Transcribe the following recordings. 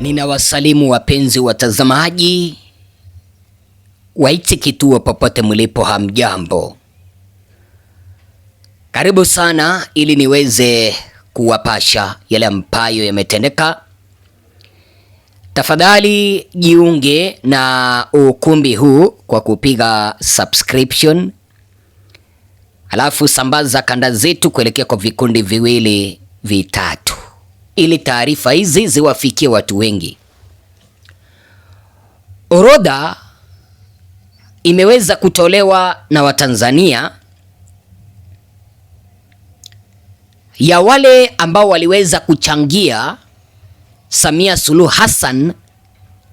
Ninawasalimu wapenzi watazamaji waiti kituo popote mlipo, hamjambo, karibu sana ili niweze kuwapasha yale ambayo yametendeka. Tafadhali jiunge na ukumbi huu kwa kupiga subscription, alafu sambaza kanda zetu kuelekea kwa vikundi viwili vitatu ili taarifa hizi ziwafikie watu wengi. Orodha imeweza kutolewa na Watanzania ya wale ambao waliweza kuchangia Samia Suluhu Hassan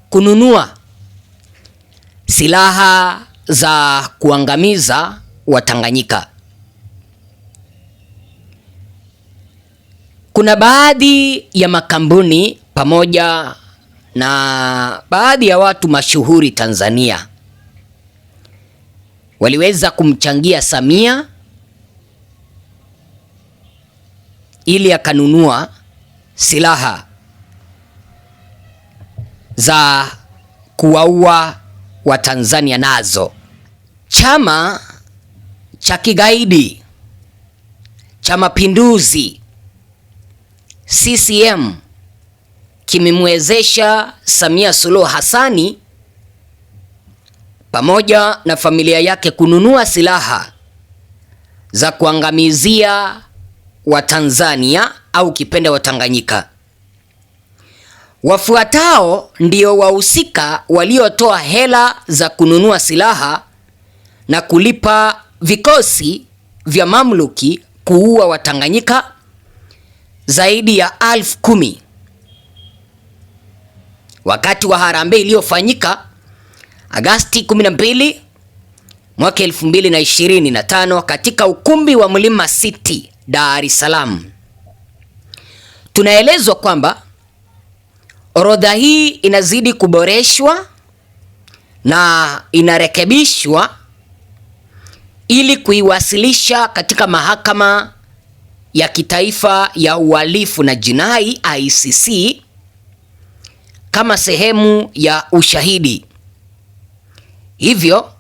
kununua silaha za kuangamiza Watanganyika. Kuna baadhi ya makampuni pamoja na baadhi ya watu mashuhuri Tanzania waliweza kumchangia Samia ili akanunua silaha za kuwaua Watanzania nazo. Chama cha kigaidi cha Mapinduzi CCM kimemwezesha Samia Suluhu Hassani pamoja na familia yake kununua silaha za kuangamizia Watanzania au kipenda Watanganyika. Wafuatao ndio wahusika waliotoa hela za kununua silaha na kulipa vikosi vya mamluki kuua Watanganyika zaidi ya elfu kumi wakati wa harambee iliyofanyika Agasti 12 mwaka 2025 katika ukumbi wa Mlima City, Dar es Salaam. Tunaelezwa kwamba orodha hii inazidi kuboreshwa na inarekebishwa ili kuiwasilisha katika mahakama ya kitaifa ya uhalifu na jinai ICC kama sehemu ya ushahidi. Hivyo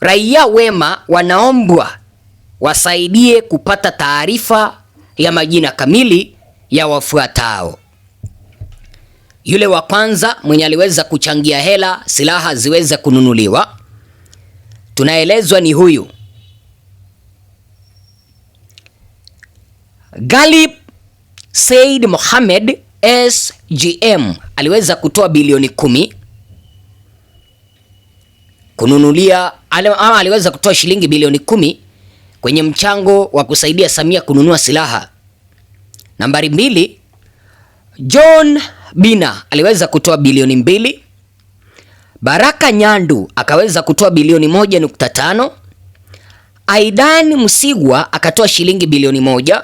raia wema wanaombwa wasaidie kupata taarifa ya majina kamili ya wafuatao. Yule wa kwanza mwenye aliweza kuchangia hela silaha ziweze kununuliwa, tunaelezwa ni huyu Galip Said Mohamed SGM aliweza kutoa bilioni kumi kununulia ama aliweza kutoa shilingi bilioni kumi kwenye mchango wa kusaidia Samia kununua silaha. Nambari mbili, John Bina aliweza kutoa bilioni mbili. Baraka Nyandu akaweza kutoa bilioni moja nukta tano. Aidan Msigwa akatoa shilingi bilioni moja.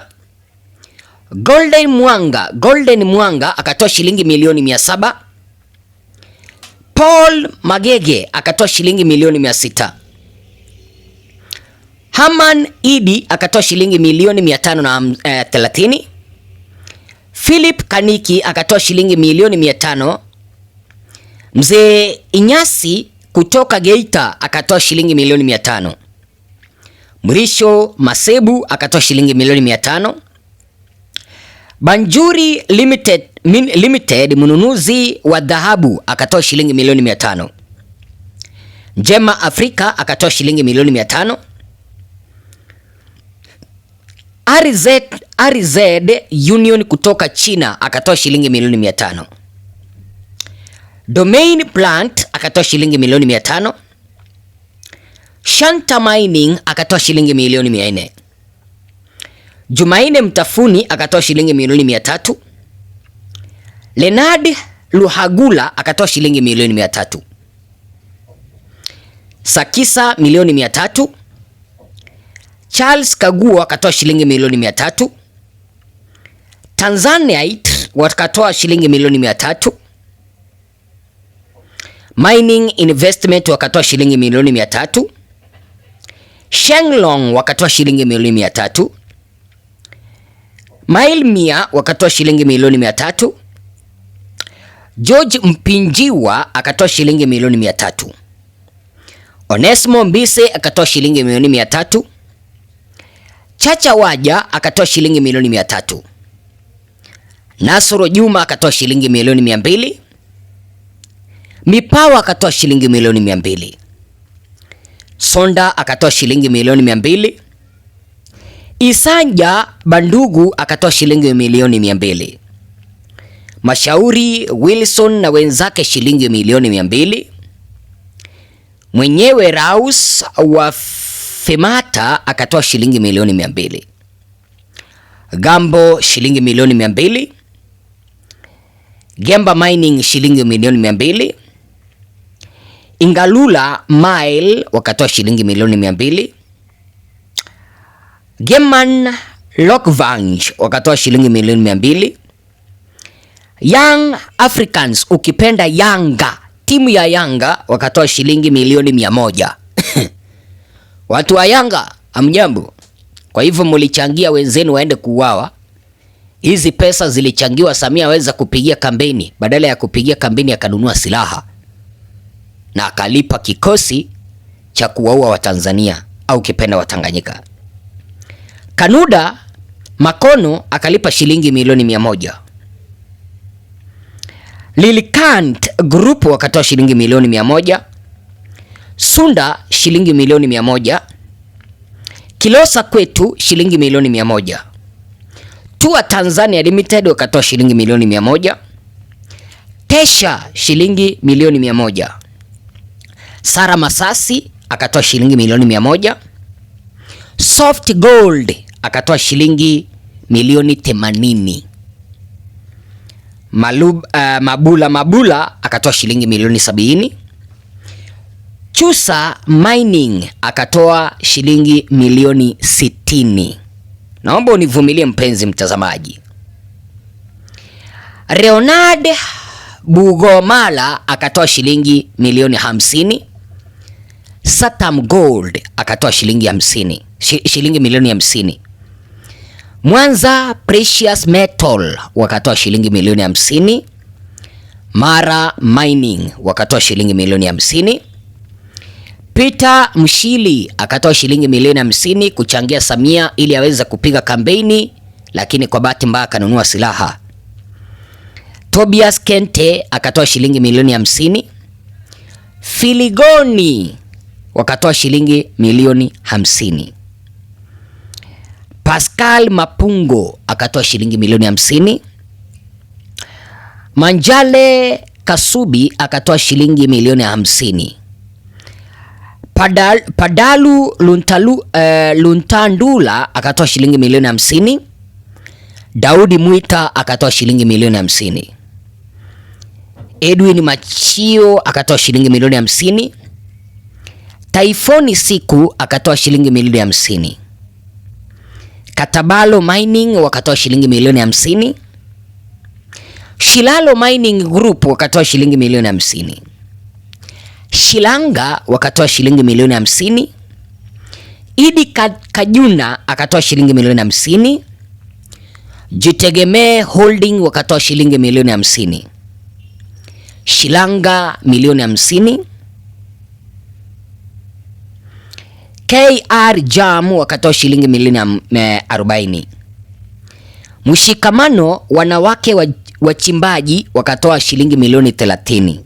Golden Mwanga, Golden Mwanga akatoa shilingi milioni mia saba. Paul Magege akatoa shilingi milioni mia sita. Haman Idi akatoa shilingi milioni mia tano na eh, thelathini. Philip Kaniki akatoa shilingi milioni mia tano. Mzee Inyasi kutoka Geita akatoa shilingi milioni mia tano. Mrisho Masebu akatoa shilingi milioni mia tano. Banjuri Limited, min, Limited mnunuzi wa dhahabu akatoa shilingi milioni mia tano. Njema Afrika akatoa shilingi milioni mia tano. RZ, RZ Union kutoka China akatoa shilingi milioni mia tano. Domain Plant akatoa shilingi milioni mia tano. Shanta Mining akatoa shilingi milioni mia nne. Jumaine Mtafuni akatoa shilingi milioni mia tatu. Lenard Luhagula akatoa shilingi milioni mia tatu. Sakisa milioni mia tatu. Charles Kaguo akatoa shilingi milioni mia tatu. Tanzanite wakatoa shilingi milioni mia tatu. Mining Investment wakatoa shilingi milioni mia tatu. Shenglong wakatoa shilingi milioni mia tatu. Mail Mia wakatoa shilingi milioni mia tatu. George Mpinjiwa akatoa shilingi milioni mia tatu. Onesmo Mbise akatoa shilingi milioni mia tatu. Chacha Waja akatoa shilingi milioni mia tatu. Nasoro Juma akatoa shilingi milioni mia mbili. Mipawa akatoa shilingi milioni mia mbili. Sonda akatoa shilingi milioni mia mbili. Isanja Bandugu akatoa shilingi milioni mia mbili. Mashauri Wilson na wenzake shilingi milioni mia mbili. Mwenyewe Raus wa Femata akatoa shilingi milioni mia mbili. Gambo shilingi milioni mia mbili. Gemba Mining shilingi milioni mia mbili. Ingalula Mile wakatoa shilingi milioni mia mbili. German Lokvang wakatoa shilingi milioni mia mbili. Young Africans ukipenda Yanga, timu ya Yanga wakatoa shilingi milioni mia moja. Watu wa Yanga amjambo. Kwa hivyo mlichangia wenzenu waende kuuawa. Hizi pesa zilichangiwa Samia aweza kupigia kampeni, badala ya kupigia kampeni akanunua silaha na akalipa kikosi cha kuwaua Watanzania au kipenda Watanganyika. Kanuda Makono akalipa shilingi milioni mia moja. Lilikant Group wakatoa shilingi milioni mia moja. Sunda shilingi milioni mia moja. Kilosa kwetu shilingi milioni mia moja. Tua Tanzania Limited wakatoa shilingi milioni mia moja. Tesha shilingi milioni mia moja. Sara Masasi akatoa shilingi milioni mia moja. Soft Gold akatoa shilingi milioni themanini. Malub, uh, Mabula Mabula akatoa shilingi milioni sabini. Chusa Mining akatoa shilingi milioni sitini. Naomba univumilie mpenzi mtazamaji. Leonard Bugomala akatoa shilingi milioni hamsini. Satam Gold akatoa shilingi hamsini, shilingi milioni hamsini. Mwanza Precious Metal wakatoa shilingi milioni hamsini. Mara Mining wakatoa shilingi milioni hamsini. Peter Mshili akatoa shilingi milioni hamsini kuchangia Samia ili aweze kupiga kampeni, lakini kwa bahati mbaya akanunua silaha. Tobias Kente akatoa shilingi milioni hamsini. Filigoni wakatoa shilingi milioni hamsini. Pascal Mapungo akatoa shilingi milioni hamsini. Manjale Kasubi akatoa shilingi milioni hamsini. Padal, Padalu Luntalu, uh, Luntandula akatoa shilingi milioni hamsini. Daudi Mwita akatoa shilingi milioni hamsini. Edwin Machio akatoa shilingi milioni hamsini. Taifoni Siku akatoa shilingi milioni hamsini. Katabalo Mining wakatoa shilingi milioni hamsini. Shilalo Mining Group wakatoa shilingi milioni hamsini. Shilanga wakatoa shilingi milioni hamsini. Idi Kajuna akatoa shilingi milioni hamsini. Jitegemee Holding wakatoa shilingi milioni hamsini. Shilanga milioni hamsini. KR Jam wakatoa shilingi milioni 40 eh, Mshikamano wanawake wachimbaji wakatoa shilingi milioni 30.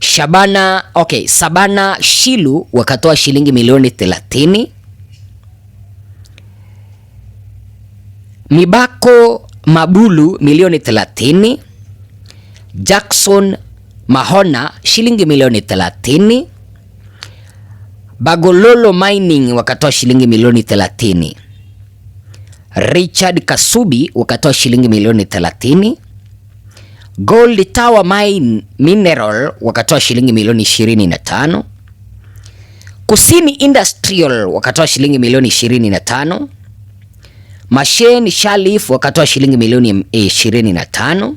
Shabana, okay, Sabana Shilu wakatoa shilingi milioni 30. Mibako Mabulu milioni 30. Jackson Mahona shilingi milioni 30. Bagololo Mining wakatoa shilingi milioni 30. Richard Kasubi wakatoa shilingi milioni 30. Gold Tower Mine Mineral wakatoa shilingi milioni 25. Kusini Industrial wakatoa shilingi milioni 25. Mashen Shalif wakatoa shilingi milioni 25. Eh,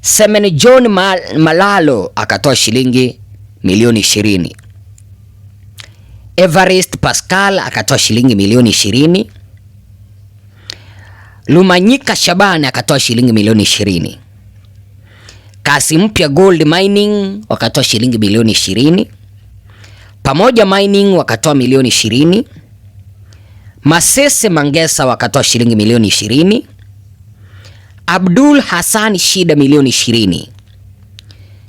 Semen John Malalo akatoa shilingi milioni 20. Evarist Pascal akatoa shilingi milioni ishirini. Lumanyika Shabani akatoa shilingi milioni ishirini. Kasi Mpya Gold Mining wakatoa shilingi milioni ishirini. Pamoja Mining wakatoa milioni ishirini. Masese Mangesa wakatoa shilingi milioni ishirini. Abdul Hassan Shida milioni ishirini.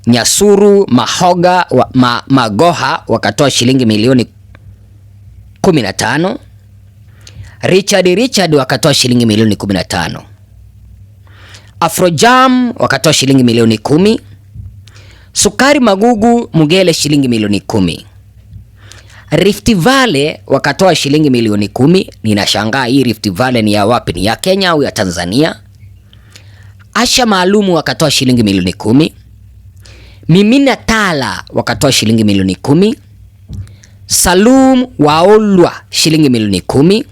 Nyasuru Mahoga wa, ma, Magoha wakatoa shilingi milioni 15 Richard Richard wakatoa shilingi milioni 15, Afrojam wakatoa shilingi milioni kumi, Sukari Magugu Mugele shilingi milioni kumi, Rift Valley wakatoa shilingi milioni kumi. Ninashangaa hii Rift Valley ni ya wapi? Ni ya Kenya au ya Tanzania? Asha Maalumu wakatoa shilingi milioni kumi, Mimina Tala wakatoa shilingi milioni kumi Salum Waolwa shilingi milioni kumi.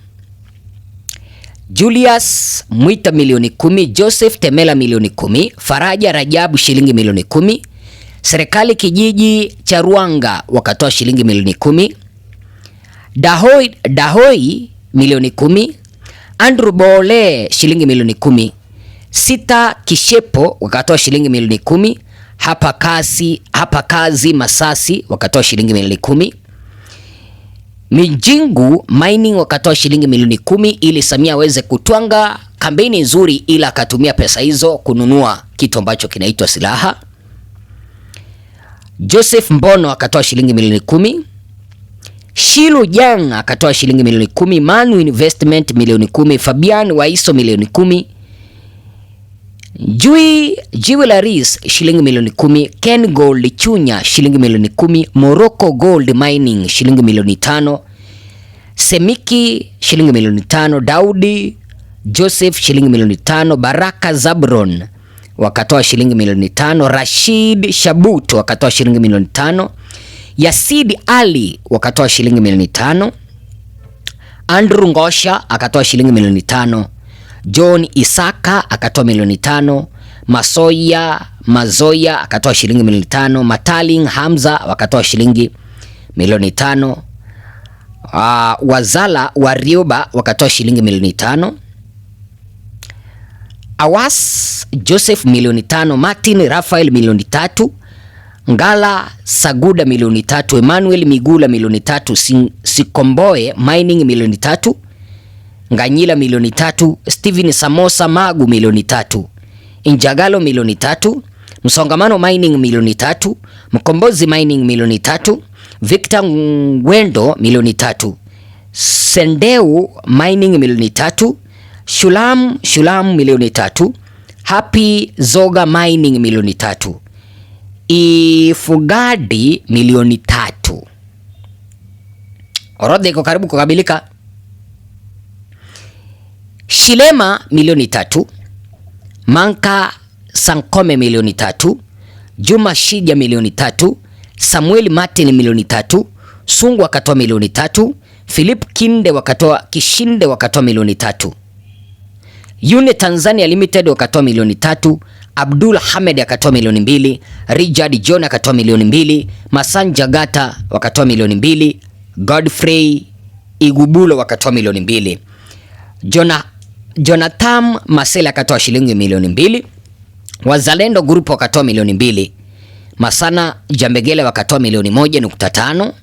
Julius Mwita milioni kumi. Joseph Temela milioni kumi. Faraja Rajabu shilingi milioni kumi. Serikali kijiji cha Ruanga wakatoa shilingi milioni kumi. Dahoi, Dahoi milioni kumi. Andrew Bole shilingi milioni kumi. Sita Kishepo wakatoa shilingi milioni kumi. Hapa kazi, hapa kazi Masasi wakatoa shilingi milioni kumi. Minjingu Mining wakatoa shilingi milioni kumi ili Samia aweze kutwanga kampeni nzuri, ila akatumia pesa hizo kununua kitu ambacho kinaitwa silaha. Joseph Mbono akatoa shilingi milioni kumi. Shilu Jang akatoa shilingi milioni kumi. Manu Investment milioni kumi. Fabian Waiso milioni kumi. Jui Jiwe la Ris shilingi milioni kumi, Ken Gold Chunya shilingi milioni kumi, Morocco Gold Mining shilingi milioni tano, Semiki shilingi milioni tano, Daudi Joseph shilingi milioni tano, Baraka Zabron wakatoa shilingi milioni tano, Rashid Shabut wakatoa shilingi milioni tano, yasid Ali wakatoa shilingi milioni tano, Andrew Ngosha akatoa shilingi milioni tano John Isaka akatoa milioni tano. Masoya Mazoya akatoa shilingi milioni tano. Mataling Hamza wakatoa shilingi milioni tano. Uh, Wazala Warioba wakatoa shilingi milioni tano. Awas Joseph milioni tano. Martin Rafael milioni tatu. Ngala Saguda milioni tatu. Emmanuel Migula milioni tatu. Sikomboe Mining milioni tatu. Nganyila milioni tatu, Steven Samosa Magu milioni tatu, Injagalo milioni tatu, Msongamano Mining milioni tatu, Mkombozi Mining milioni tatu, Victor Ngwendo milioni tatu, Sendeu Mining milioni tatu, Shulam Shulam milioni tatu, Happy Zoga Mining milioni tatu, Ifugadi milioni tatu. Orodha iko karibu kukabilika. Shilema milioni tatu, Manka Sankome milioni tatu, Juma Shija milioni tatu, Samuel Martin milioni tatu, Sungu wakatoa milioni tatu, Philip Kinde wakatoa Kishinde wakatoa milioni tatu, Yune Tanzania Limited wakatoa milioni tatu, Abdul Hamed akatoa milioni mbili, Richard John akatoa milioni mbili, Masanja Gata wakatoa milioni mbili, Godfrey Igubulo wakatoa milioni mbili, Jonah Jonathan Masela akatoa shilingi milioni mbili, Wazalendo Group wakatoa milioni mbili, Masana Jambegele wakatoa milioni moja nukta tano,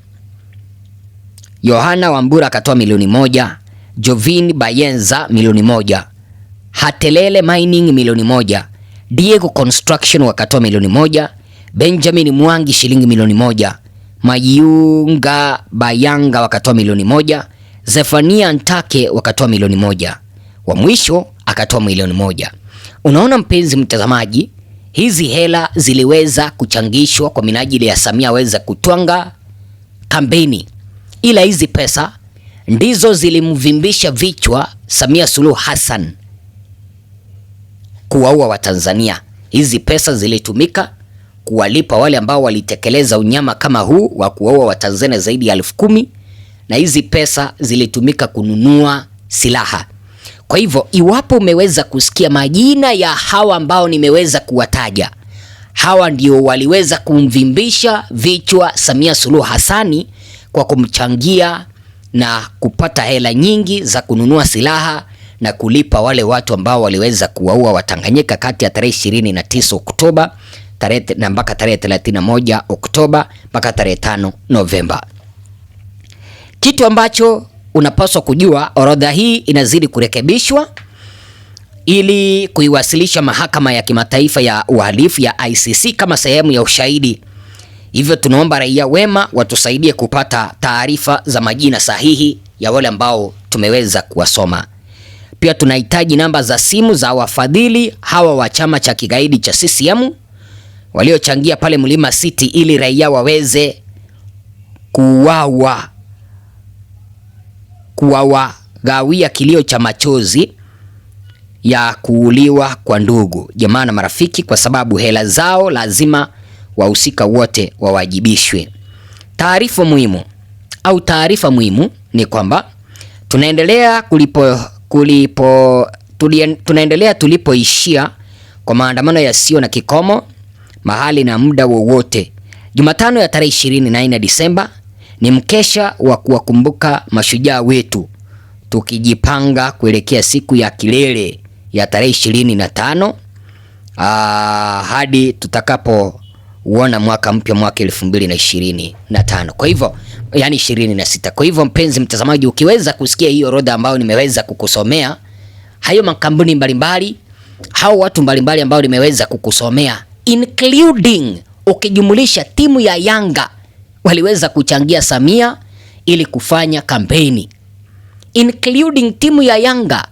Yohana Wambura akatoa milioni moja, Jovin Bayenza milioni moja, Hatelele Mining milioni moja, Diego Construction wakatoa milioni moja, Benjamin Mwangi shilingi milioni moja, Mayunga Bayanga wakatoa milioni moja, Zefania Ntake wakatoa milioni moja wa mwisho akatoa milioni moja. Unaona mpenzi mtazamaji, hizi hela ziliweza kuchangishwa kwa minajili ya Samia aweza kutwanga kampeni, ila hizi pesa ndizo zilimvimbisha vichwa Samia Suluhu Hassan kuwaua Watanzania. Hizi pesa zilitumika kuwalipa wale ambao walitekeleza unyama kama huu wa kuwaua Watanzania zaidi ya elfu kumi na hizi pesa zilitumika kununua silaha. Kwa hivyo iwapo umeweza kusikia majina ya hawa ambao nimeweza kuwataja, hawa ndio waliweza kumvimbisha vichwa Samia Suluhu Hassani kwa kumchangia na kupata hela nyingi za kununua silaha na kulipa wale watu ambao waliweza kuwaua Watanganyika kati ya tarehe 29 Oktoba tarehe na mpaka tarehe 31 Oktoba mpaka tarehe 5 Novemba. Kitu ambacho unapaswa kujua orodha hii inazidi kurekebishwa ili kuiwasilisha mahakama ya kimataifa ya uhalifu ya ICC kama sehemu ya ushahidi. Hivyo tunaomba raia wema watusaidie kupata taarifa za majina sahihi ya wale ambao tumeweza kuwasoma. Pia tunahitaji namba za simu za wafadhili hawa wa chama cha kigaidi cha CCM waliochangia pale Mlima City ili raia waweze kuuawa kuwawagawia kilio cha machozi ya kuuliwa kwa ndugu, jamaa na marafiki, kwa sababu hela zao lazima wahusika wote wawajibishwe. Taarifa muhimu au taarifa muhimu ni kwamba tunaendelea kulipo, kulipo, tulien, tunaendelea tulipoishia kwa maandamano yasiyo na kikomo mahali na muda wowote. Jumatano ya tarehe 24 Disemba ni mkesha wa kuwakumbuka mashujaa wetu, tukijipanga kuelekea siku ya kilele ya tarehe ishirini na tano ah, hadi tutakapouona mwaka mpya, mwaka elfu mbili na ishirini na tano kwa hivyo yani ishirini na sita. Kwa hivyo mpenzi mtazamaji, ukiweza kusikia hiyo orodha ambayo nimeweza kukusomea, hayo makampuni mbalimbali, hao watu mbalimbali ambao nimeweza kukusomea including ukijumulisha timu ya Yanga waliweza kuchangia Samia ili kufanya kampeni, including timu ya Yanga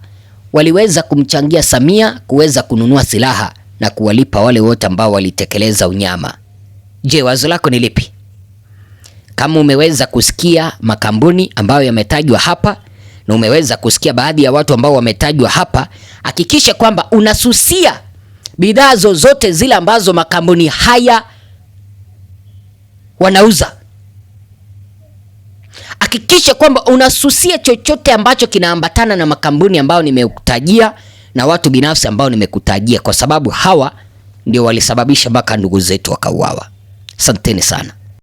waliweza kumchangia Samia kuweza kununua silaha na kuwalipa wale wote ambao walitekeleza unyama. Je, wazo lako ni lipi? Kama umeweza kusikia makampuni ambayo yametajwa hapa na umeweza kusikia baadhi ya watu ambao wametajwa hapa, hakikisha kwamba unasusia bidhaa zozote zile ambazo makampuni haya wanauza hakikisha kwamba unasusia chochote ambacho kinaambatana na makampuni ambayo nimekutajia na watu binafsi ambao nimekutajia, kwa sababu hawa ndio walisababisha mpaka ndugu zetu wakauawa. Asanteni sana.